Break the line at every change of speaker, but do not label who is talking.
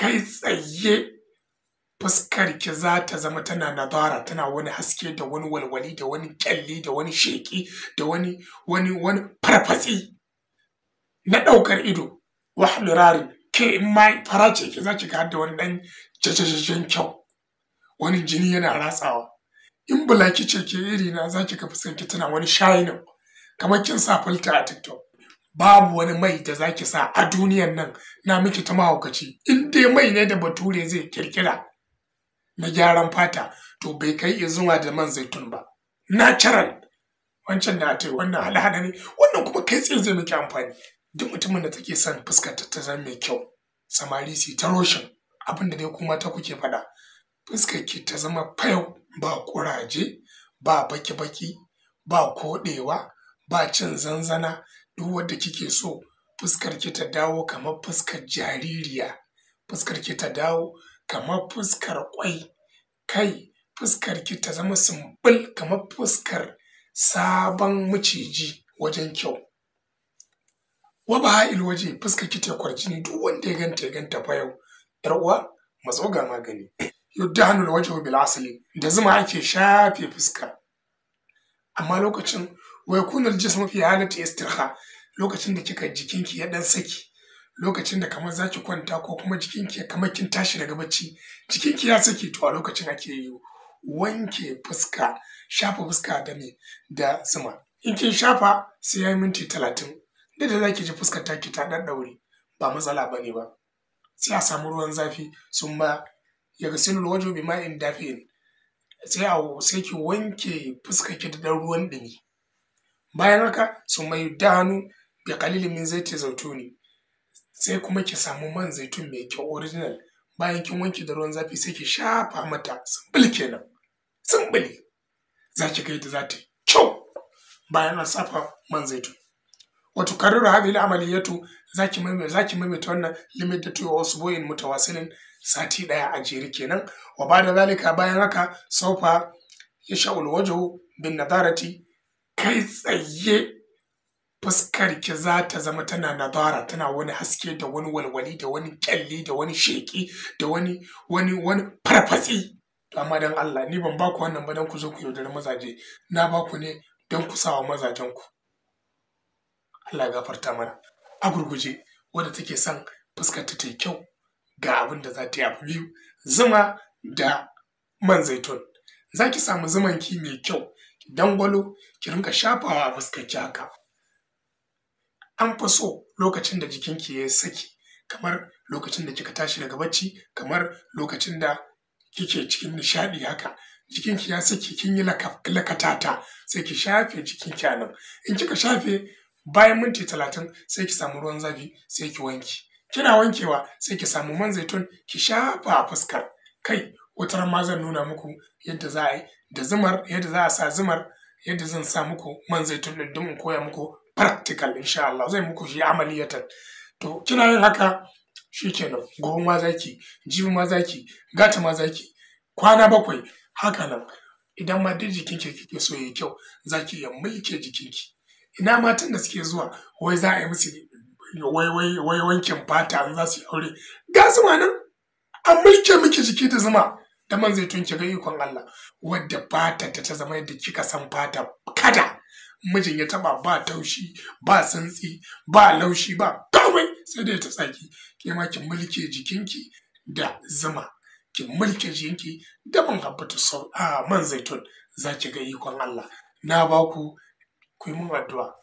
kai tsaye fuskar ki za ta zama tana nazara tana wani haske da wani walwali da wani kyalli da wani sheki da wani wani wani farfatsi na ɗaukar ido wahalurari ke in ma fara ce ki za ki ga da wani ɗan jajajajen kyau wani jini yana ratsawa in bulaki ce ke iri na za ki ga fuskar ki tana wani shayinin kamar kin sa filter a tiktok babu wani mai da zaki sa a duniyan nan na miki ta mahaukaci in dai mai ne da bature zai kirkira na gyaran fata to bai kai izuwa da man zaitun ba natural wancan na ta wannan hada ne wannan kuma kai tsaye zai miki amfani duk mutumin da take son fuskar ta ta zama mai kyau samari su ta roshin abin da kuma ta kuke faɗa fuskar ki ta zama fayau ba kuraje ba baki-baki ba koɗewa ba cin zanzana duk wadda kike so fuskar ki ta dawo kamar fuskar jaririya fuskar ki ta dawo kamar fuskar kwai kai fuskar ki ta zama sumbul kamar fuskar sabon maciji wajen kyau wa ha'il waje fuskar ki ta kwarjini duk wanda ya ganta ya ganta fa yau yar uwa matso ga magani yudda da waje bil asali da zuma ake shafe fuska amma lokacin wa yakunu al-jismu fi halati istirha lokacin da kika jikinki ya dan saki lokacin da kamar zaki kwanta ko kuma jikinki kamar kin tashi daga bacci jikinki ya saki to a lokacin ake yi wanke fuska shafa fuska da me da zuma in kin shafa sai yayi minti talatin da da zaki ji fuskar taki ta dan daure ba matsala bane ba sai a samu ruwan zafi sun ba ya gasilul wajo bi ma'in dafi'in sai a sai ki wanke fuskar ki da dan ruwan dumi bayan haka su mai da hannu bi qalilin min zaiti zaituni sai kuma ki samu man zaitun mai kyau original bayan kin wanke da ruwan zafi sai ki shafa mata sumbul kenan sumbuli za ki ga yadda za ta kyau bayan an safa man zaitun wato karar hadhihi al'amaliyatu zaki mai zaki maimaita wannan limit da tuwa boyin mutawasilin sati daya a jere kenan wa bada zalika bayan haka saufa yasha'ul wajhu bin nadarati kai tsaye fuskar ki za ta zama tana nadara tana wani haske da wani walwali da wani kyalli da wani sheki da wani wani wani farfatsi to amma dan Allah ni ban baku wannan ba dan ku zo ku yaudari mazaje na baku ne dan ku sawa mazajen ku Allah ya gafarta mana a gurguje wadda take son fuskar ta tai kyau ga abin da za ta yi abu biyu zuma da man zaitun zaki samu zuman ki mai kyau dangwalo ki rinka shafawa a fuskarki haka an fa so lokacin da jikinki ya saki kamar lokacin da kika tashi daga bacci kamar lokacin da kike cikin nishaɗi haka jikinki ya saki kin yi lakatata sai ki shafe jikinki a nan in kika shafe bayan minti talatin sai ki samu ruwan zafi sai ki wanke kina wankewa sai ki samu man zaitun ki shafa a fuskar kai Wutar ma zan nuna muku yadda za a yi da zumar, yadda za a sa zumar, yadda zan sa muku man zaitun ɗin don koya muku practical insha Allah. Zai muku shi amaliyatan. To kina yin haka shikenan gobe ma ki, jibi ma zaki, gata ma zaki. Kwana bakwai haka nan idan ma duk jikinki kike so yayi kyau zaki ya mulke ki. Ina matan da suke zuwa wai za a yi musu wai wai wai wankin fata in za su yi aure ga su nan an mulke miki jiki da zuma da man zaitun ki ga ikon Allah wadda bata ta ta zama yadda kika san fata kada mijin ya taba ba taushi ba santsi ba laushi ba kawai sai dai ta tsaki ke ma ki mulke jikinki da zuma ki mulke jikinki da man habbatu sau a man zaitun za ki ga ikon Allah na baku ku yi mun addu'a